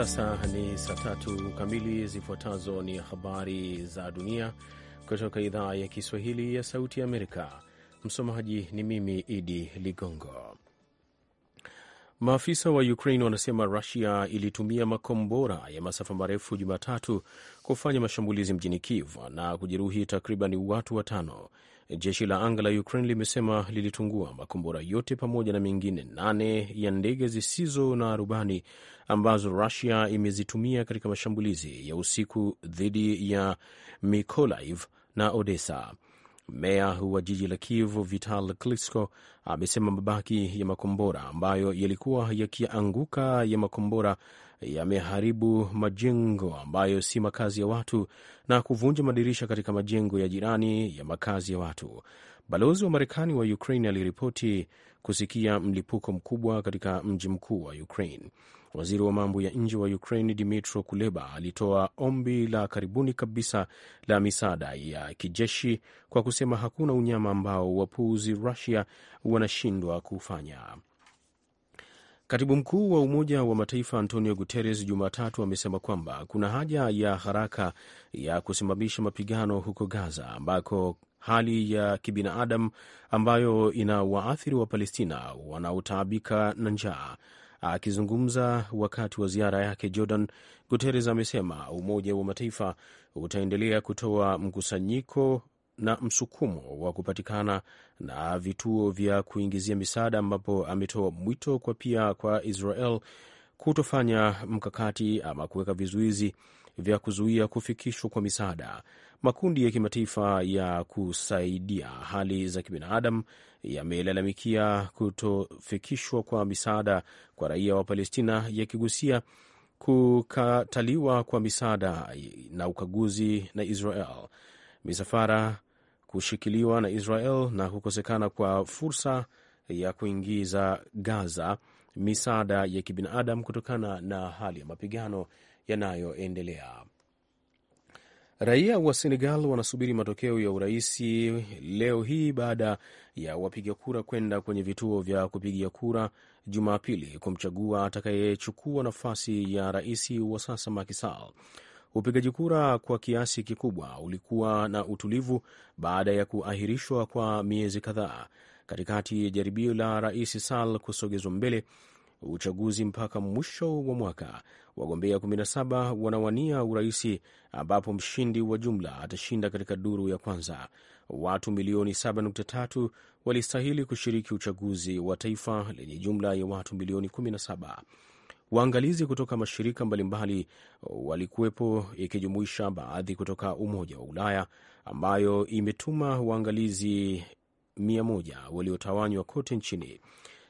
Sasa ni saa tatu kamili. Zifuatazo ni habari za dunia kutoka idhaa ya Kiswahili ya Sauti ya Amerika. Msomaji ni mimi Idi Ligongo. Maafisa wa Ukraine wanasema Rusia ilitumia makombora ya masafa marefu Jumatatu kufanya mashambulizi mjini Kiev na kujeruhi takriban watu watano. Jeshi la anga la Ukraine limesema lilitungua makombora yote pamoja na mengine nane ya ndege zisizo na rubani ambazo Rusia imezitumia katika mashambulizi ya usiku dhidi ya Mikolaiv na Odessa. Meya wa jiji la Kiev Vital Klitschko amesema mabaki ya makombora ambayo yalikuwa yakianguka ya makombora yameharibu majengo ambayo si makazi ya watu na kuvunja madirisha katika majengo ya jirani ya makazi ya watu. Balozi wa Marekani wa Ukraine aliripoti kusikia mlipuko mkubwa katika mji mkuu wa Ukraine. Waziri wa mambo ya nje wa Ukraine Dmytro Kuleba alitoa ombi la karibuni kabisa la misaada ya kijeshi kwa kusema hakuna unyama ambao wapuuzi Rusia wanashindwa kufanya. Katibu mkuu wa Umoja wa Mataifa Antonio Guterres Jumatatu amesema kwamba kuna haja ya haraka ya kusimamisha mapigano huko Gaza ambako hali ya kibinadamu ambayo ina waathiri wa Palestina wanaotaabika na njaa. Akizungumza wakati wa ziara yake Jordan, Guterres amesema Umoja wa Mataifa utaendelea kutoa mkusanyiko na msukumo wa kupatikana na vituo vya kuingizia misaada, ambapo ametoa mwito kwa pia kwa Israel kutofanya mkakati ama kuweka vizuizi vya kuzuia kufikishwa kwa misaada. Makundi ya kimataifa ya kusaidia hali za kibinadamu yamelalamikia kutofikishwa kwa misaada kwa raia wa Palestina, yakigusia kukataliwa kwa misaada na ukaguzi na Israel. Misafara kushikiliwa na Israel na kukosekana kwa fursa ya kuingiza Gaza misaada ya kibinadamu kutokana na hali ya mapigano yanayoendelea. Raia wa Senegal wanasubiri matokeo ya uraisi leo hii baada ya wapiga kura kwenda kwenye vituo vya kupigia kura Jumapili kumchagua atakayechukua nafasi ya rais wa sasa Macky Sall. Upigaji kura kwa kiasi kikubwa ulikuwa na utulivu baada ya kuahirishwa kwa miezi kadhaa, katikati ya jaribio la Rais sal kusogezwa mbele uchaguzi mpaka mwisho wa mwaka. Wagombea 17 wanawania uraisi, ambapo mshindi wa jumla atashinda katika duru ya kwanza. Watu milioni 7.3 walistahili kushiriki uchaguzi wa taifa lenye jumla ya watu milioni 17. Waangalizi kutoka mashirika mbalimbali uh, walikuwepo, ikijumuisha baadhi kutoka Umoja wa Ulaya ambayo imetuma waangalizi mia moja waliotawanywa kote nchini.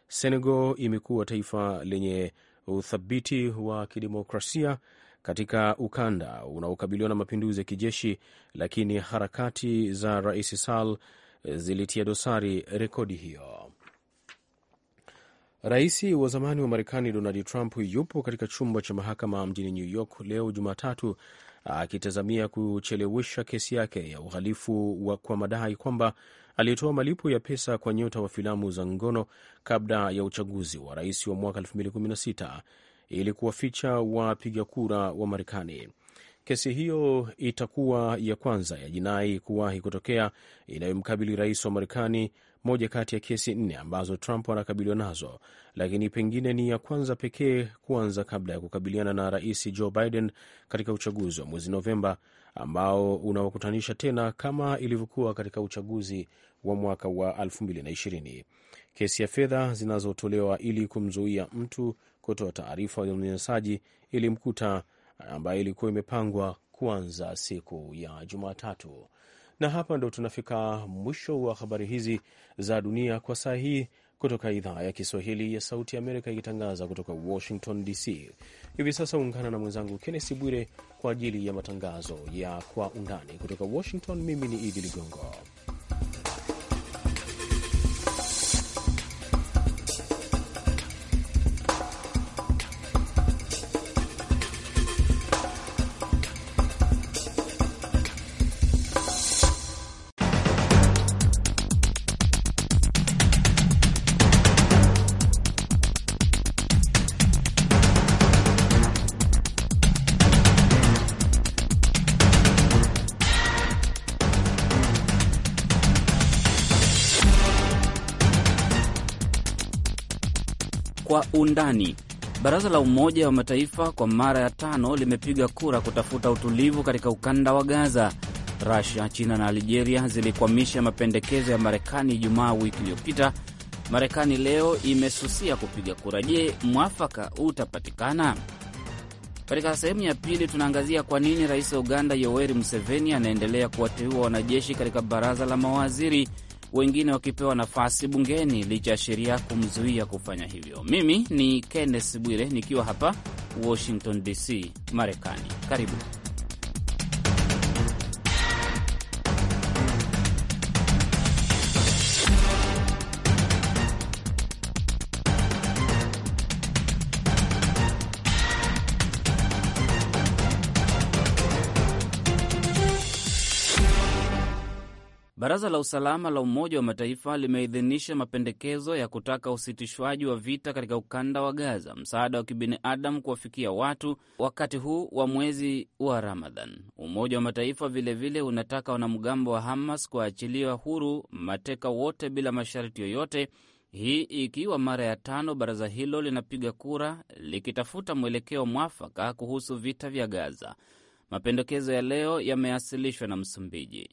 Senegal imekuwa taifa lenye uthabiti wa kidemokrasia katika ukanda unaokabiliwa na mapinduzi ya kijeshi, lakini harakati za Rais Sall eh, zilitia dosari rekodi hiyo. Rais wa zamani wa Marekani Donald Trump yupo katika chumba cha mahakama mjini New York leo Jumatatu akitazamia kuchelewesha kesi yake ya uhalifu wa kwa madai kwamba alitoa malipo ya pesa kwa nyota wa filamu za ngono kabla ya uchaguzi wa rais wa mwaka 2016 ili kuwaficha wapiga kura wa Marekani. Kesi hiyo itakuwa ya kwanza ya jinai kuwahi kutokea inayomkabili rais wa Marekani moja kati ya kesi nne ambazo Trump anakabiliwa nazo, lakini pengine ni ya kwanza pekee kuanza kabla ya kukabiliana na Rais Joe Biden katika uchaguzi wa mwezi Novemba ambao unawakutanisha tena kama ilivyokuwa katika uchaguzi wa mwaka wa 2020. Kesi ya fedha zinazotolewa ili kumzuia mtu kutoa taarifa ya unyanyasaji ilimkuta ambayo ilikuwa imepangwa kuanza siku ya Jumatatu. Na hapa ndo tunafika mwisho wa habari hizi za dunia kwa saa hii kutoka idhaa ya Kiswahili ya Sauti ya Amerika ikitangaza kutoka Washington DC. Hivi sasa ungana na mwenzangu Kennesi Bwire kwa ajili ya matangazo ya Kwa Undani kutoka Washington. Mimi ni Idi Ligongo. undani. Baraza la Umoja wa Mataifa kwa mara ya tano limepiga kura kutafuta utulivu katika ukanda wa Gaza. Rusia, China na Algeria zilikwamisha mapendekezo ya Marekani Ijumaa wiki iliyopita. Marekani leo imesusia kupiga kura. Je, mwafaka utapatikana? Katika sehemu ya pili tunaangazia kwa nini rais wa Uganda Yoweri Museveni anaendelea kuwateua wanajeshi katika baraza la mawaziri wengine wakipewa nafasi bungeni licha ya sheria kumzuia kufanya hivyo. Mimi ni Kenneth Bwire nikiwa hapa Washington DC, Marekani. Karibu. Baraza la Usalama la Umoja wa Mataifa limeidhinisha mapendekezo ya kutaka usitishwaji wa vita katika ukanda wa Gaza, msaada wa kibinadamu kuwafikia watu wakati huu wa mwezi wa Ramadhan. Umoja wa Mataifa vilevile vile unataka wanamgambo wa Hamas kuachiliwa huru mateka wote bila masharti yoyote, hii ikiwa mara ya tano baraza hilo linapiga kura likitafuta mwelekeo mwafaka kuhusu vita vya Gaza. Mapendekezo ya leo yamewasilishwa na Msumbiji.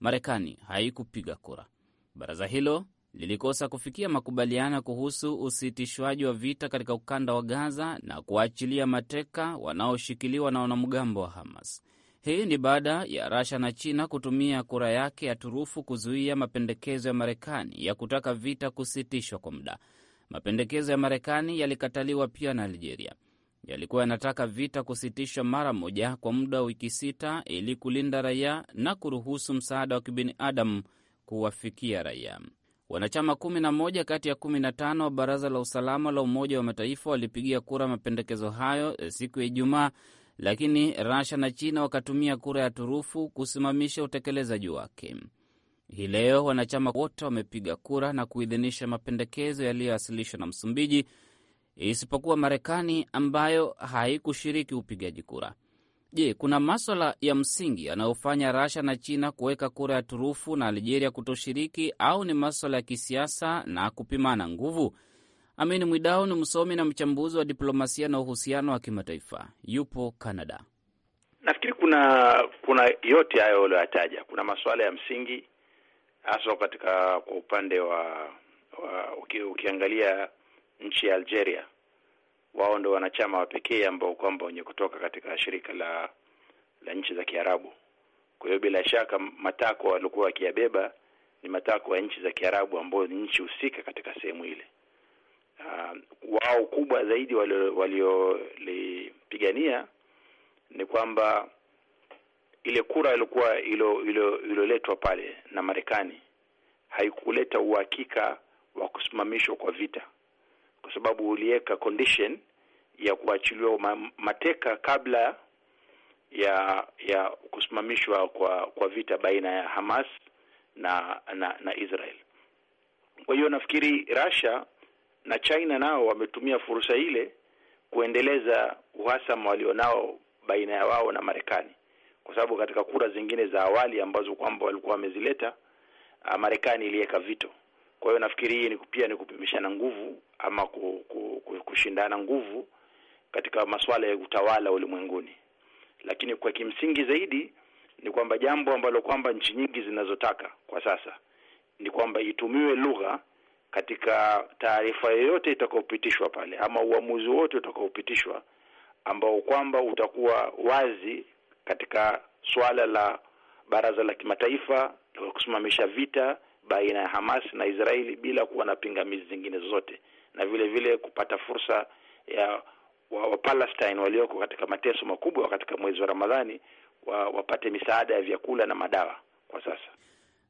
Marekani haikupiga kura. Baraza hilo lilikosa kufikia makubaliano kuhusu usitishwaji wa vita katika ukanda wa Gaza na kuwaachilia mateka wanaoshikiliwa na wanamgambo wa Hamas. Hii ni baada ya Rasha na China kutumia kura yake ya turufu kuzuia mapendekezo ya Marekani ya kutaka vita kusitishwa kwa muda. Mapendekezo ya Marekani yalikataliwa pia na Algeria yalikuwa yanataka vita kusitishwa mara moja kwa muda wa wiki sita ili kulinda raia na kuruhusu msaada wa kibinadamu kuwafikia raia. Wanachama 11 kati ya 15 wa Baraza la Usalama la Umoja wa Mataifa walipigia kura mapendekezo hayo siku ya Ijumaa, lakini Rasha na China wakatumia kura ya turufu kusimamisha utekelezaji wake. Hii leo wanachama wote wamepiga kura na kuidhinisha mapendekezo yaliyowasilishwa na Msumbiji isipokuwa Marekani ambayo haikushiriki upigaji kura. Je, kuna maswala ya msingi yanayofanya Rasha na China kuweka kura ya turufu na Algeria kutoshiriki, au ni maswala ya kisiasa na kupimana nguvu? Amin Mwidau ni msomi na mchambuzi wa diplomasia na uhusiano wa kimataifa, yupo Canada. Nafikiri kuna kuna yote hayo uliyoyataja, kuna masuala ya msingi haswa katika kwa upande wa, wa uki, ukiangalia nchi ya Algeria. Wao ndio wanachama wa pekee ambao kwamba wenye kutoka katika shirika la la nchi za Kiarabu. Kwa hiyo bila shaka matakwa walikuwa wakiyabeba ni matakwa ya nchi za Kiarabu ambayo ni nchi husika katika sehemu ile. Uh, wao kubwa zaidi waliolipigania walio ni kwamba ile kura ilikuwa iliyoletwa pale na Marekani haikuleta uhakika wa kusimamishwa kwa vita kwa sababu uliweka condition ya kuachiliwa mateka kabla ya ya kusimamishwa kwa kwa vita baina ya Hamas na na, na Israel. Kwa hiyo nafikiri Russia na China nao wametumia fursa ile kuendeleza uhasama walionao baina ya wao na Marekani, kwa sababu katika kura zingine za awali ambazo kwamba walikuwa wamezileta, ah, Marekani iliweka vito kwa hiyo nafikiri hii ni pia ni kupimishana nguvu ama kushindana nguvu katika masuala ya utawala ulimwenguni, lakini kwa kimsingi zaidi ni kwamba jambo ambalo kwamba nchi nyingi zinazotaka kwa sasa ni kwamba itumiwe lugha katika taarifa yoyote itakayopitishwa pale ama uamuzi wote utakaopitishwa ambao kwamba utakuwa wazi katika suala la Baraza la Kimataifa la kusimamisha vita baina ya Hamas na Israeli bila kuwa na pingamizi zingine zozote, na vile vile kupata fursa ya wa, wa Palestine walioko katika mateso makubwa katika mwezi wa Ramadhani wa, wapate misaada ya vyakula na madawa kwa sasa.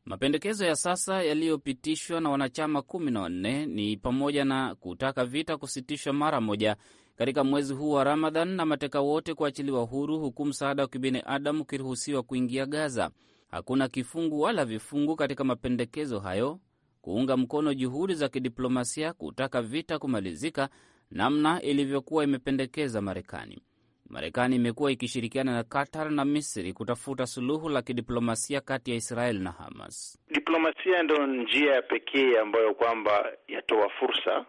Mapendekezo ya sasa yaliyopitishwa na wanachama kumi na wanne ni pamoja na kutaka vita kusitishwa mara moja katika mwezi huu wa Ramadhan na mateka wote kuachiliwa huru, huku msaada wa kibinadamu ukiruhusiwa kuingia Gaza. Hakuna kifungu wala vifungu katika mapendekezo hayo kuunga mkono juhudi za kidiplomasia kutaka vita kumalizika namna ilivyokuwa imependekeza Marekani. Marekani imekuwa ikishirikiana na Qatar na Misri kutafuta suluhu la kidiplomasia kati ya Israel na Hamas. Diplomasia ndo njia ya pekee ambayo kwamba yatoa fursa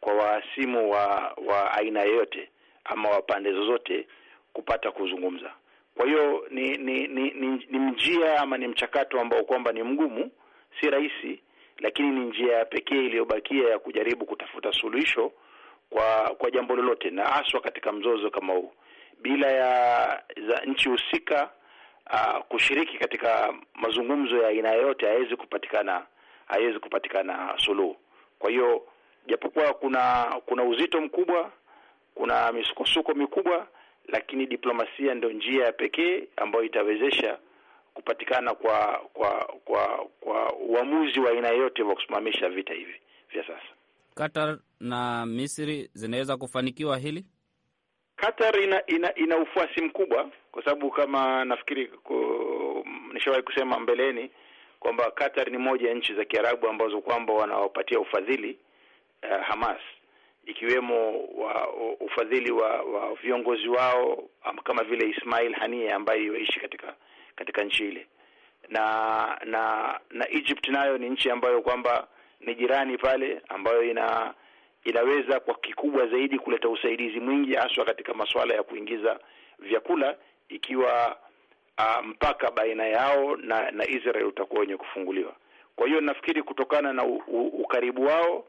kwa wahasimu wa, wa aina yeyote ama wa pande zozote kupata kuzungumza. Kwa hiyo ni ni ni, ni, ni njia ama ni mchakato ambao kwamba ni mgumu, si rahisi, lakini ni njia ya pekee iliyobakia ya kujaribu kutafuta suluhisho kwa kwa jambo lolote, na haswa katika mzozo kama huu, bila ya za nchi husika uh, kushiriki katika mazungumzo ya aina yoyote, haiwezi kupatikana haiwezi kupatikana suluhu. Kwa hiyo japokuwa kuna kuna uzito mkubwa, kuna misukosuko mikubwa lakini diplomasia ndio njia ya pekee ambayo itawezesha kupatikana kwa kwa kwa kwa uamuzi wa aina yoyote wa kusimamisha vita hivi vya sasa. Qatar na Misri zinaweza kufanikiwa hili. Qatar ina, ina ina ufuasi mkubwa kwa sababu kama nafikiri nishawahi kusema mbeleni kwamba Qatar ni moja ya nchi za Kiarabu ambazo kwamba wanawapatia ufadhili uh, Hamas ikiwemo wa, ufadhili wa, wa viongozi wao um, kama vile Ismail Haniye ambaye iwaishi katika katika nchi ile, na na na Egypt nayo ni nchi ambayo kwamba ni jirani pale, ambayo ina inaweza kwa kikubwa zaidi kuleta usaidizi mwingi haswa katika masuala ya kuingiza vyakula ikiwa uh, mpaka baina yao na na Israel utakuwa wenye kufunguliwa. Kwa hiyo nafikiri kutokana na u, u, ukaribu wao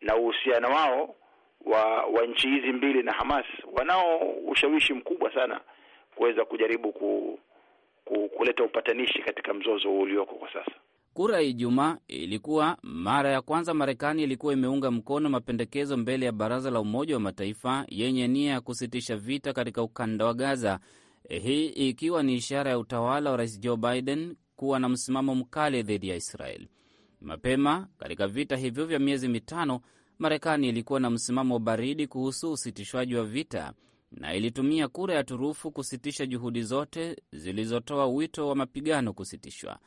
na uhusiano wao wa, wa nchi hizi mbili na Hamas wanao ushawishi mkubwa sana kuweza kujaribu ku, ku, kuleta upatanishi katika mzozo ulioko kwa sasa. Kura ya Ijumaa ilikuwa mara ya kwanza Marekani ilikuwa imeunga mkono mapendekezo mbele ya Baraza la Umoja wa Mataifa yenye nia ya kusitisha vita katika ukanda wa Gaza, eh, hii ikiwa ni ishara ya utawala wa Rais Joe Biden kuwa na msimamo mkali dhidi ya israel Mapema katika vita hivyo vya miezi mitano Marekani ilikuwa na msimamo baridi kuhusu usitishwaji wa vita na ilitumia kura ya turufu kusitisha juhudi zote zilizotoa wito wa mapigano kusitishwa.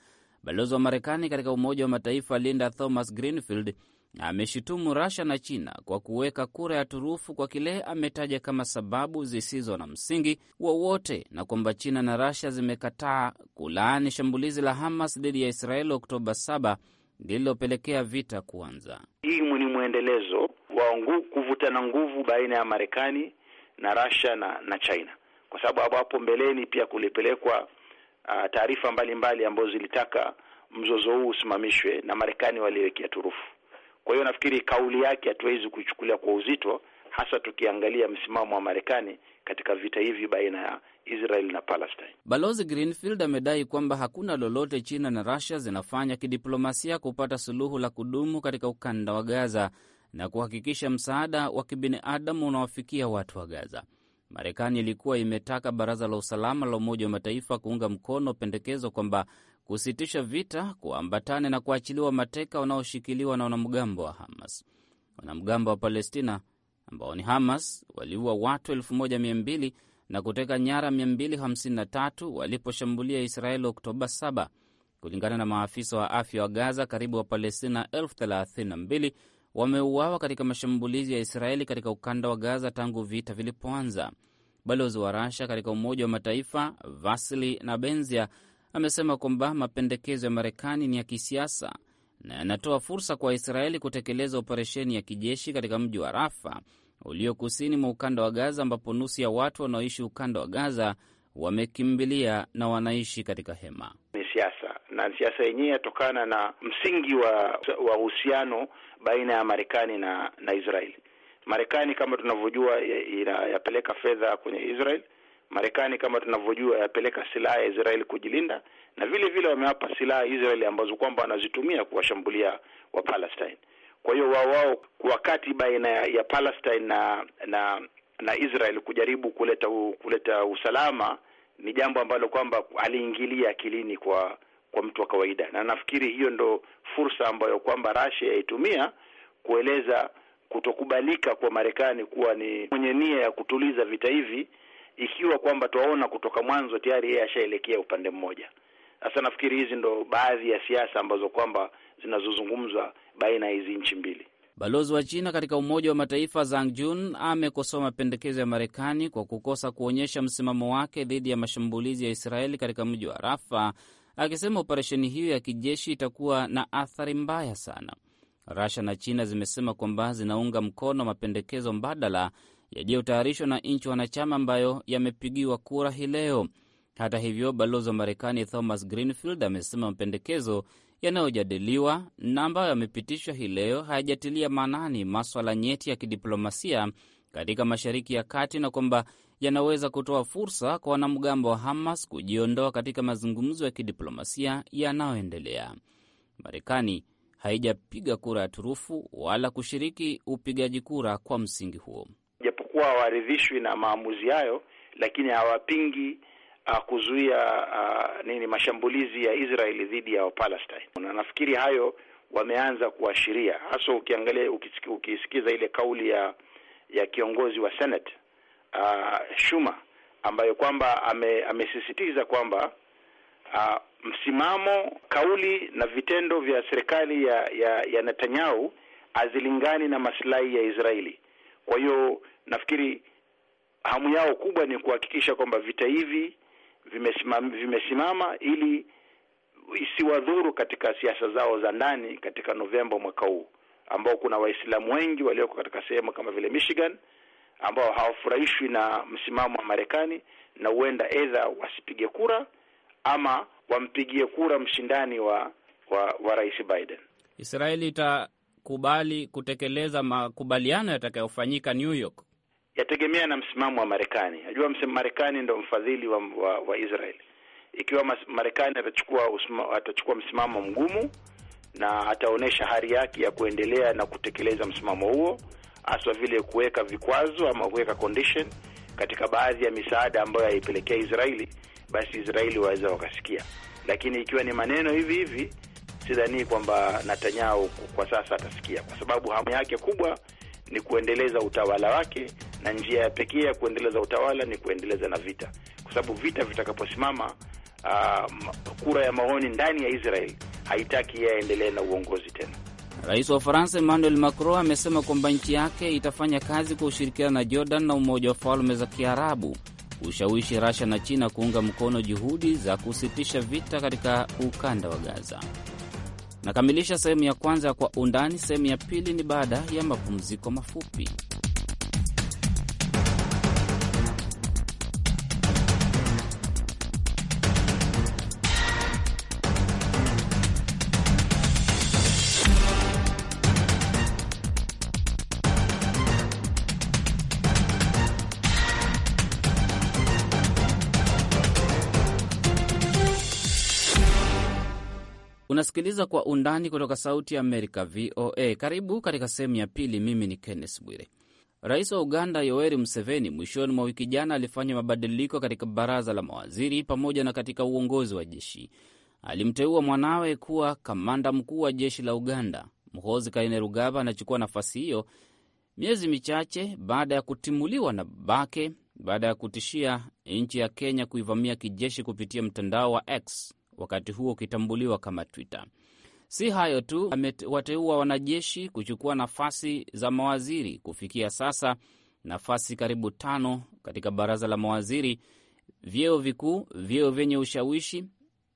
Balozi wa Marekani katika Umoja wa Mataifa Linda Thomas Greenfield ameshitumu rasha na China kwa kuweka kura ya turufu kwa kile ametaja kama sababu zisizo na msingi wowote na kwamba China na rasha zimekataa kulaani shambulizi la Hamas dhidi ya Israeli Oktoba 7 lililopelekea vita kuanza. Hii ni mwendelezo wa kuvutana nguvu baina ya Marekani na Russia na, na China kwa sababu hapo mbeleni pia kulipelekwa uh, taarifa mbalimbali ambazo zilitaka mzozo huu usimamishwe na Marekani waliwekea turufu. Kwa hiyo nafikiri kauli yake hatuwezi kuichukulia kwa uzito, hasa tukiangalia msimamo wa Marekani katika vita hivi baina ya Israel na Palestine. Balozi Greenfield amedai kwamba hakuna lolote China na Russia zinafanya kidiplomasia kupata suluhu la kudumu katika ukanda wa Gaza na kuhakikisha msaada wa kibinadamu unawafikia watu wa Gaza. Marekani ilikuwa imetaka Baraza la Usalama la Umoja wa Mataifa kuunga mkono pendekezo kwamba kusitisha vita kuambatane na kuachiliwa mateka wanaoshikiliwa na wanamgambo wa Hamas. Wanamgambo wa Palestina ambao ni Hamas waliua watu elfu moja mia mbili na kuteka nyara 253 waliposhambulia Israeli Oktoba 7, kulingana na maafisa wa afya wa Gaza. Karibu Wapalestina 32 wameuawa katika mashambulizi ya Israeli katika ukanda wa Gaza tangu vita vilipoanza. Balozi wa Rasha katika Umoja wa Mataifa Vasili benzia amesema kwamba mapendekezo ya Marekani ni ya kisiasa na yanatoa fursa kwa Israeli kutekeleza operesheni ya kijeshi katika mji wa Rafa ulio kusini mwa ukanda wa Gaza, ambapo nusu ya watu wanaoishi ukanda wa Gaza wamekimbilia na wanaishi katika hema. Ni siasa na siasa yenyewe yatokana na msingi wa uhusiano baina ya Marekani na, na Israeli. Marekani kama tunavyojua yapeleka fedha kwenye Israel. Marekani kama tunavyojua yapeleka silaha ya Israeli kujilinda, na vile vile wamewapa silaha Israeli ambazo kwamba wanazitumia kuwashambulia Wapalestine. Kwa hiyo wao wao wakati baina ya Palestine na na na Israel kujaribu kuleta u, kuleta usalama ni jambo ambalo kwamba aliingilia akilini kwa kwa mtu wa kawaida, na nafikiri hiyo ndo fursa ambayo kwamba Russia yaitumia kueleza kutokubalika kwa Marekani kuwa ni mwenye nia ya kutuliza vita hivi, ikiwa kwamba twaona kutoka mwanzo tayari yeye ashaelekea upande mmoja. Sasa nafikiri hizi ndo baadhi ya siasa ambazo kwamba zinazozungumzwa baina ya hizi nchi mbili. Balozi wa China katika Umoja wa Mataifa Zhang Jun amekosoa mapendekezo ya Marekani kwa kukosa kuonyesha msimamo wake dhidi ya mashambulizi ya Israeli katika mji wa Rafa, akisema operesheni hiyo ya kijeshi itakuwa na athari mbaya sana. Rasha na China zimesema kwamba zinaunga mkono mapendekezo mbadala yaliyotayarishwa na nchi wanachama ambayo yamepigiwa kura hii leo. Hata hivyo, balozi wa Marekani Thomas Greenfield amesema mapendekezo yanayojadiliwa na ambayo yamepitishwa hii leo hayajatilia maanani maswala nyeti ya kidiplomasia katika Mashariki ya Kati na kwamba yanaweza kutoa fursa kwa wanamgambo wa Hamas kujiondoa katika mazungumzo ya kidiplomasia yanayoendelea. Marekani haijapiga kura ya turufu wala kushiriki upigaji kura kwa msingi huo, japokuwa hawaridhishwi na maamuzi hayo, lakini hawapingi uh, kuzuia uh, nini mashambulizi ya Israeli dhidi ya Palestine, na nafikiri hayo wameanza kuashiria, hasa ukiangalia ukisikiza ile kauli ya ya kiongozi wa Senate uh, Schumer ambayo kwamba ame, amesisitiza kwamba uh, msimamo, kauli na vitendo vya serikali ya, ya, ya Netanyahu hazilingani na maslahi ya Israeli. Kwa hiyo nafikiri hamu yao kubwa ni kuhakikisha kwamba vita hivi vimesimama, vimesimama ili isiwadhuru katika siasa zao za ndani katika Novemba mwaka huu ambao kuna Waislamu wengi walioko katika sehemu kama vile Michigan ambao hawafurahishwi na msimamo wa Marekani na huenda edha wasipige kura ama wampigie kura mshindani wa wa, wa Rais Biden. Israeli itakubali kutekeleza makubaliano yatakayofanyika New York yategemea na msimamo wa Marekani. Najua Marekani ndo mfadhili wa, wa, wa Israel. Ikiwa Marekani atachukua atachukua msimamo mgumu na ataonyesha hali yake ya kuendelea na kutekeleza msimamo huo, haswa vile kuweka vikwazo ama kuweka condition katika baadhi ya misaada ambayo haipelekea Israeli, basi Israeli waweza wakasikia. Lakini ikiwa ni maneno hivi hivi, sidhani kwamba Netanyahu kwa sasa atasikia, kwa sababu hamu yake kubwa ni kuendeleza utawala wake na njia ya pekee ya kuendeleza utawala ni kuendeleza na vita, kwa sababu vita vitakaposimama, uh, kura ya maoni ndani ya Israel haitaki yaendelee na uongozi tena. Rais wa Ufaransa Emmanuel Macron amesema kwamba nchi yake itafanya kazi kwa ushirikiano na Jordan na Umoja wa Falme za Kiarabu kushawishi Rasha na China kuunga mkono juhudi za kusitisha vita katika ukanda wa Gaza. Nakamilisha sehemu ya kwanza ya Kwa Undani. Sehemu ya pili ni baada ya mapumziko mafupi. unasikiliza Kwa Undani kutoka Sauti ya Amerika, VOA. Karibu katika sehemu ya pili. Mimi ni Kenneth Bwire. Rais wa Uganda Yoweri Museveni mwishoni mwa wiki jana alifanya mabadiliko katika baraza la mawaziri pamoja na katika uongozi wa jeshi. Alimteua mwanawe kuwa kamanda mkuu wa jeshi la Uganda. Muhoozi Kainerugaba anachukua nafasi hiyo miezi michache baada ya kutimuliwa na babake baada ya kutishia nchi ya Kenya kuivamia kijeshi kupitia mtandao wa X wakati huo ukitambuliwa kama Twitter. Si hayo tu, amewateua wanajeshi kuchukua nafasi za mawaziri. Kufikia sasa nafasi karibu tano katika baraza la mawaziri, vyeo vikuu, vyeo vyenye ushawishi,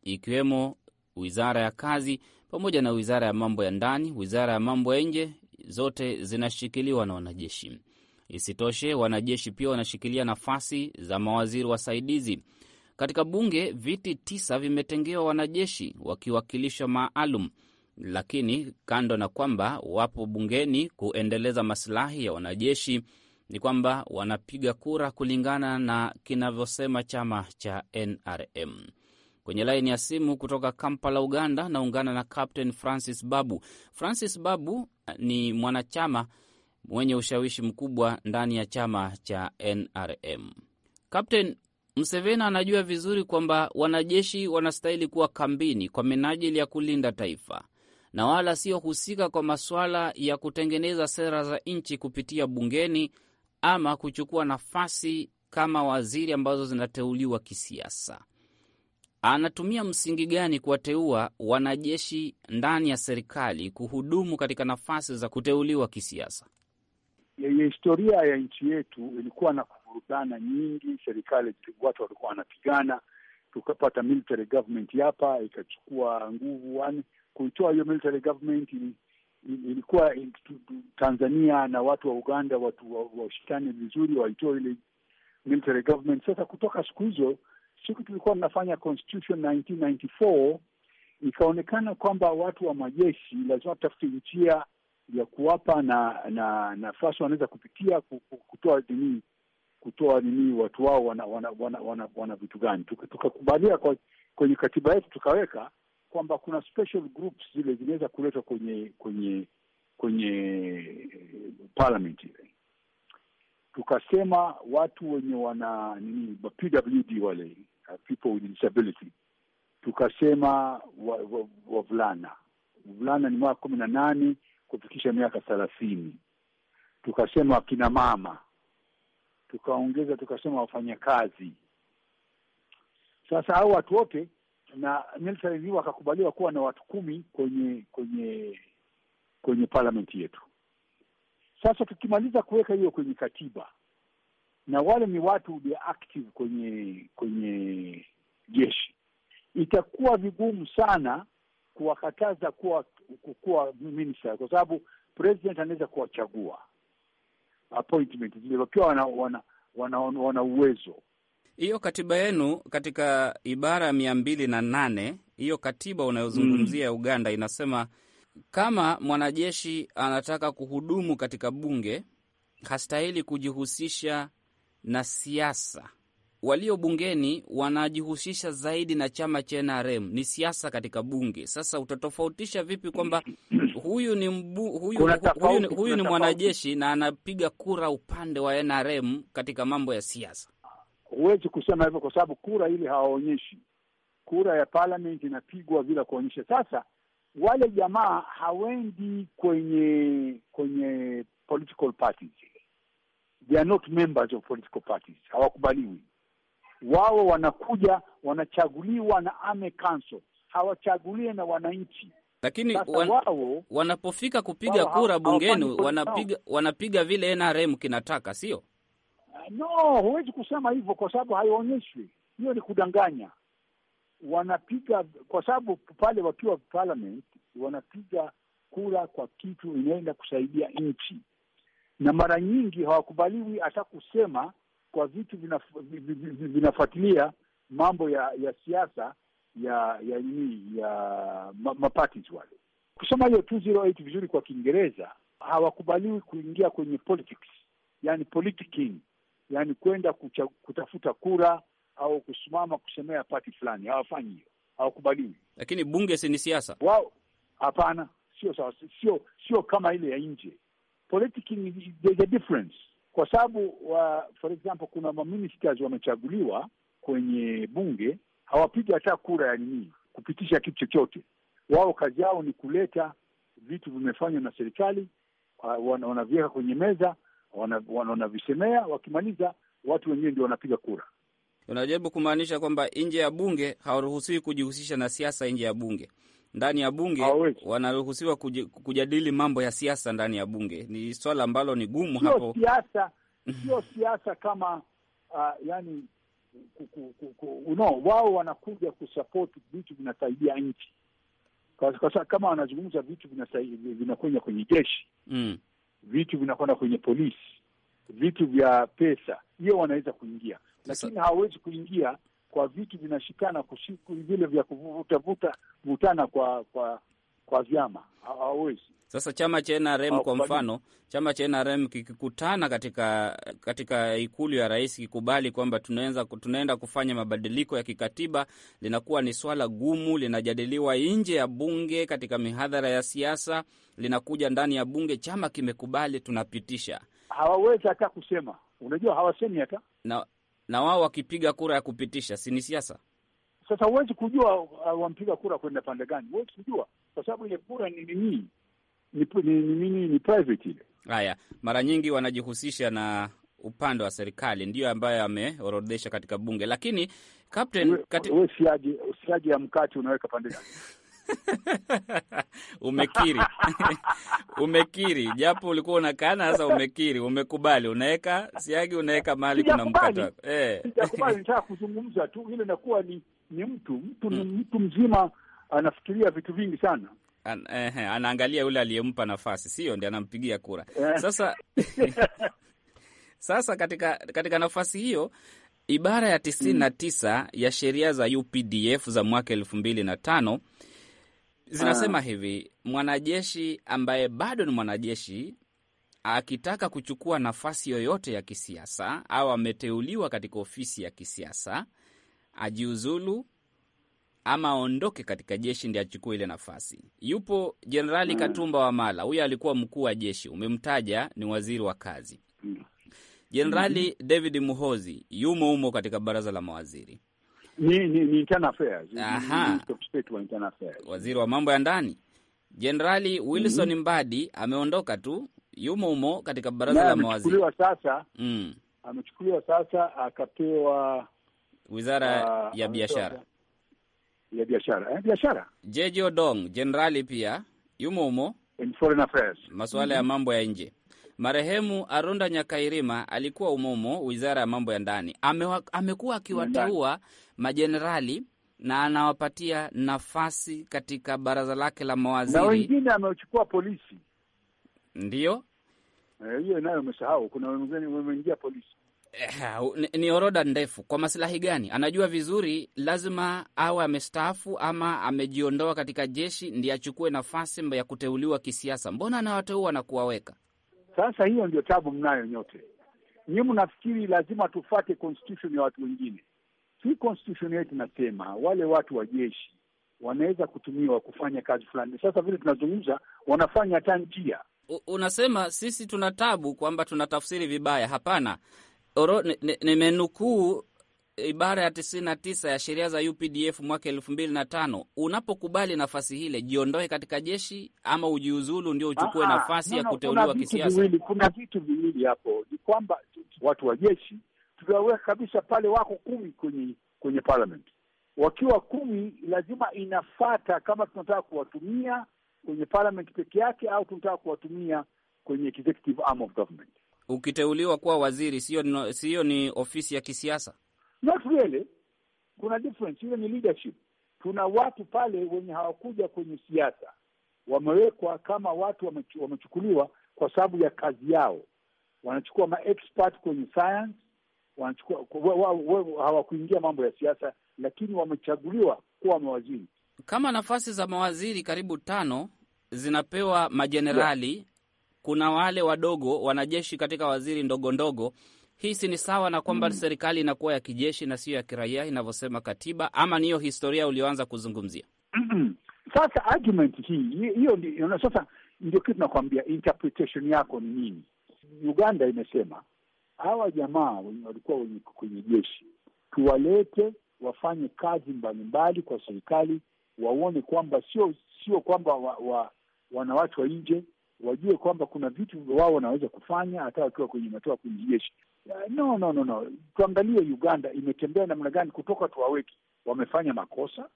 ikiwemo wizara ya kazi pamoja na wizara ya mambo ya ndani, wizara ya mambo ya nje, zote zinashikiliwa na wanajeshi. Isitoshe, wanajeshi pia wanashikilia nafasi za mawaziri wasaidizi. Katika bunge viti tisa vimetengewa wanajeshi wakiwakilisha maalum, lakini kando na kwamba wapo bungeni kuendeleza masilahi ya wanajeshi, ni kwamba wanapiga kura kulingana na kinavyosema chama cha NRM. Kwenye laini ya simu kutoka Kampala, Uganda, naungana na Captain Francis Babu. Francis Babu ni mwanachama mwenye ushawishi mkubwa ndani ya chama cha NRM. Captain, mseveni anajua vizuri kwamba wanajeshi wanastahili kuwa kambini kwa minajili ya kulinda taifa na wala siyohusika kwa masuala ya kutengeneza sera za nchi kupitia bungeni ama kuchukua nafasi kama waziri ambazo zinateuliwa kisiasa. Anatumia msingi gani kuwateua wanajeshi ndani ya serikali kuhudumu katika nafasi za kuteuliwa kisiasa? Yenye historia ya nchi yetu ilikuwa na vurugana nyingi, serikali watu walikuwa wanapigana, tukapata military government hapa ikachukua nguvu. Yani kuitoa hiyo military government ilikuwa Tanzania na watu wa Uganda watu washikane wa vizuri, waitoe ile military government. Sasa kutoka siku hizo siku tulikuwa tunafanya constitution 1994 ikaonekana kwamba watu wa majeshi lazima tutafute njia ya kuwapa na nafasi na wanaweza kupitia kutoa dini kutoa nini watu wao wana wana wana, wana, wana vitu gani. Tukakubalia tuka kwenye katiba yetu tukaweka kwamba kuna special groups zile zinaweza kuletwa kwenye kwenye kwenye eh, parliament ile. Tukasema watu wenye wana nini PWD wale uh, people with disability, tukasema wavulana wa, wa vulana ni mwaka kumi na nane kufikisha miaka thelathini. Tukasema wakina mama tukaongeza tukasema wafanyakazi. Sasa hao watu wote na Nelson Liwa akakubaliwa kuwa na watu kumi kwenye kwenye kwenye parliament yetu. Sasa tukimaliza kuweka hiyo kwenye katiba, na wale ni watu ni active kwenye kwenye jeshi, itakuwa vigumu sana kuwakataza kuwa kuwa minister, kwa sababu president anaweza kuwachagua appointment zile wakiwa wana, wana, wana, wana uwezo. Hiyo katiba yenu katika ibara ya mia mbili na nane hiyo katiba unayozungumzia ya mm. Uganda inasema kama mwanajeshi anataka kuhudumu katika bunge hastahili kujihusisha na siasa. Walio bungeni wanajihusisha zaidi na chama cha NRM, ni siasa katika bunge. Sasa utatofautisha vipi kwamba huyu ni mbu, huyu, huyu, huyu ni mwanajeshi na anapiga kura upande wa NRM katika mambo ya siasa. Huwezi kusema hivyo kwa sababu kura ile hawaonyeshi. Kura ya parliament inapigwa bila kuonyesha. Sasa wale jamaa hawendi kwenye kwenye political parties, they are not members of political parties, hawakubaliwi. Wao wanakuja wanachaguliwa na ame council, hawachaguliwe na wananchi. Lakini wan, wanapofika kupiga wawo, kura bungeni wanapiga wanapiga vile NRM kinataka, sio? No, huwezi kusema hivyo kwa sababu haionyeshwi Hiyo ni kudanganya. Wanapiga kwa sababu pale wakiwa parliament wanapiga kura kwa kitu inaenda kusaidia nchi, na mara nyingi hawakubaliwi hata kusema kwa vitu vinafuatilia mambo ya, ya siasa ya ya nini ya ma, wale. Kusoma hiyo 208 vizuri kwa Kiingereza, hawakubaliwi kuingia kwenye politics, yani politicking, yani kwenda kutafuta kura au kusimama kusemea party fulani. Hawafanyi hiyo, hawakubaliwi. Lakini bunge si ni siasa wao? Hapana, sio sawa, sio sio kama ile ya nje. Politicking there's a difference, kwa sababu uh, for example kuna maministers wamechaguliwa kwenye bunge hawapigi hata kura ya nini kupitisha kitu chochote. Wao kazi yao ni kuleta vitu vimefanywa na serikali, wanaviweka kwenye meza, wanavisemea, wakimaliza watu wenyewe ndio wanapiga kura. Unajaribu kumaanisha kwamba nje ya bunge hawaruhusiwi kujihusisha na siasa nje ya bunge, ndani ya bunge wanaruhusiwa kujadili mambo ya siasa ndani ya bunge. Ni swala ambalo ni gumu hapo, sio siasa kama uh, yani no, wao wanakuja kusapoti vitu vinasaidia nchi kwa sababu kama wanazungumza vitu vinakwenda kwenye jeshi mm. vitu vinakwenda kwenye polisi, vitu vya pesa, hiyo wanaweza kuingia, lakini hawawezi kuingia kwa vitu vinashikana kushiku vile vya kuvutavuta vutana kwa kwa kwa vyama hawawezi. Sasa chama cha NRM kwa mfano, chama cha NRM kikikutana katika katika ikulu ya rais, kikubali kwamba tunaenda kufanya mabadiliko ya kikatiba, linakuwa ni swala gumu, linajadiliwa nje ya bunge katika mihadhara ya siasa, linakuja ndani ya bunge, chama kimekubali, tunapitisha. Hawawezi hata kusema, unajua hawasemi hata na, na wao wakipiga kura ya kupitisha, si ni siasa? Sasa huwezi kujua uh, wampiga kura kwenda pande gani, huwezi kujua kwa sababu ile kura ni nini ni, ni, ni, ni, ni private ile. Haya, mara nyingi wanajihusisha na upande wa serikali, ndiyo ambayo ameorodhesha katika bunge. Lakini Captain, kati... we, we siagi, siagi ya mkati unaweka pande gani? Umekiri umekiri, japo ulikuwa unakana, sasa umekiri, umekubali, unaweka siagi, unaweka mahali kuna mkate. Eh, sijakubali, kuzungumza tu, ile inakuwa ni ni mtu mtu, ni mm. mtu mzima anafikiria vitu vingi sana an, eh, anaangalia yule aliyempa nafasi, sio ndi anampigia kura eh. sasa. Sasa katika, katika nafasi hiyo ibara ya tisini mm. na tisa ya sheria za UPDF za mwaka elfu mbili na tano zinasema ah, hivi mwanajeshi ambaye bado ni mwanajeshi akitaka kuchukua nafasi yoyote ya kisiasa au ameteuliwa katika ofisi ya kisiasa ajiuzulu ama aondoke katika jeshi ndi achukue ile nafasi. Yupo Jenerali hmm. Katumba Wamala, huyo alikuwa mkuu wa jeshi, umemtaja ni waziri wa kazi. Hmm. Jenerali hmm. David Muhozi yumo humo katika baraza la mawaziri, ni, ni, ni internal affairs. Aha. Ni internal affairs. Waziri wa mambo ya ndani Jenerali Wilson mm -hmm. Mbadi ameondoka tu, yumo humo katika baraza na, la mawaziri sasa mm. amechukuliwa sasa akapewa wizara uh, ya biashara ya biashara eh, biashara. Jeje Odong jenerali pia yumo humo in foreign affairs, masuala ya mm-hmm. mambo ya nje. Marehemu Arunda Nyakairima alikuwa umomo wizara ya mambo ya ndani. Ame, amekuwa akiwateua majenerali na anawapatia nafasi katika baraza lake la mawaziri, na wengine amechukua polisi. Ndiyo eh, hiyo e, nayo umesahau, kuna wengine wameingia polisi. Eh, ni orodha ndefu. Kwa masilahi gani? Anajua vizuri lazima awe amestaafu ama amejiondoa katika jeshi ndi achukue nafasi ya kuteuliwa kisiasa. Mbona anawateua na kuwaweka? Sasa hiyo ndio tabu mnayo nyote nyi. Mnafikiri lazima tufate constitution ya watu wengine? Si constitution yetu inasema wale watu wa jeshi wanaweza kutumiwa kufanya kazi fulani. Sasa vile tunazungumza, wanafanya hata njia unasema sisi tuna tabu kwamba tunatafsiri vibaya. Hapana, nimenukuu eh, ibara ya tisini na tisa ya sheria za UPDF mwaka elfu mbili na tano unapokubali nafasi hile, jiondoe katika jeshi ama ujiuzulu ndio uchukue Aha, nafasi no, ya kuteuliwa kisiasa. Kuna vitu viwili hapo, ni kwamba watu wa jeshi tunaweka kabisa pale, wako kumi kwenye kwenye parliament. Wakiwa kumi, lazima inafata kama tunataka kuwatumia kwenye parliament peke yake au tunataka kuwatumia kwenye executive arm of government ukiteuliwa kuwa waziri sio sio ni ofisi ya kisiasa? Not really. Kuna difference, ile ni leadership. Tuna watu pale wenye hawakuja kwenye siasa, wamewekwa kama watu wamechukuliwa kwa sababu ya kazi yao. Wanachukua maexpert kwenye science, wanachukua hawakuingia mambo ya siasa, lakini wamechaguliwa kuwa mawaziri. Kama nafasi za mawaziri karibu tano zinapewa majenerali yeah kuna wale wadogo wanajeshi katika waziri ndogo ndogo Hisi ni sawa na kwamba mm, serikali inakuwa ya kijeshi na siyo ya kiraia inavyosema katiba, ama niyo historia ulioanza kuzungumzia? mm -mm. Sasa argument hii hiyo, sasa ndio kitu nakwambia, interpretation yako ni nini? Uganda imesema hawa jamaa walikuwa kwenye jeshi, tuwalete wafanye kazi mbalimbali kwa serikali, waone kwamba sio sio kwamba wa, wa, wanawachwa nje wajue kwamba kuna vitu wao wanaweza kufanya hata wakiwa kwenye matoa kwenye jeshi. Uh, no, no, no, no. Tuangalie Uganda imetembea namna gani kutoka tuwaweki. Wamefanya makosa,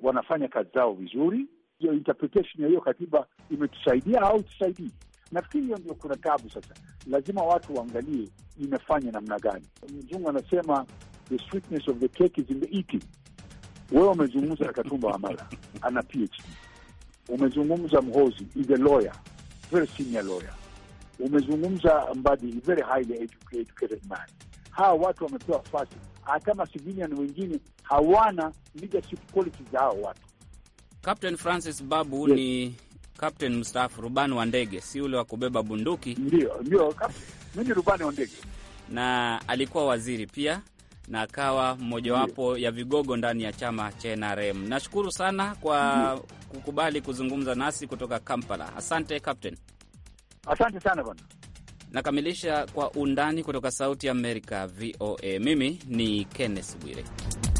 wanafanya kazi zao vizuri. Hiyo interpretation ya hiyo katiba imetusaidia au tusaidii? Nafikiri hiyo ndio kuna tabu sasa. Lazima watu waangalie imefanya namna gani. Mzungu anasema the sweetness of the cake is in the eating. Wewe umezungumza na Katumba Wamala ana PhD, umezungumza Mhozi is a lawyer very senior lawyer. Umezungumza Mbadi, very highly educated man. Hawa watu wamepewa fasi hata masivilian wengine hawana leadership qualities za hawa watu. Captain Francis Babu yes. ni captain mstaafu, rubani wa ndege, si ule wa kubeba bunduki. Ndio, ndio, mimi rubani wa ndege, na alikuwa waziri pia na akawa mmojawapo ya vigogo ndani ya chama cha NRM. Nashukuru sana kwa Ndiyo kukubali kuzungumza nasi kutoka Kampala. Asante Captain. Asante sana bwana. Nakamilisha kwa undani kutoka Sauti ya Amerika, VOA. Mimi ni Kenneth Bwire.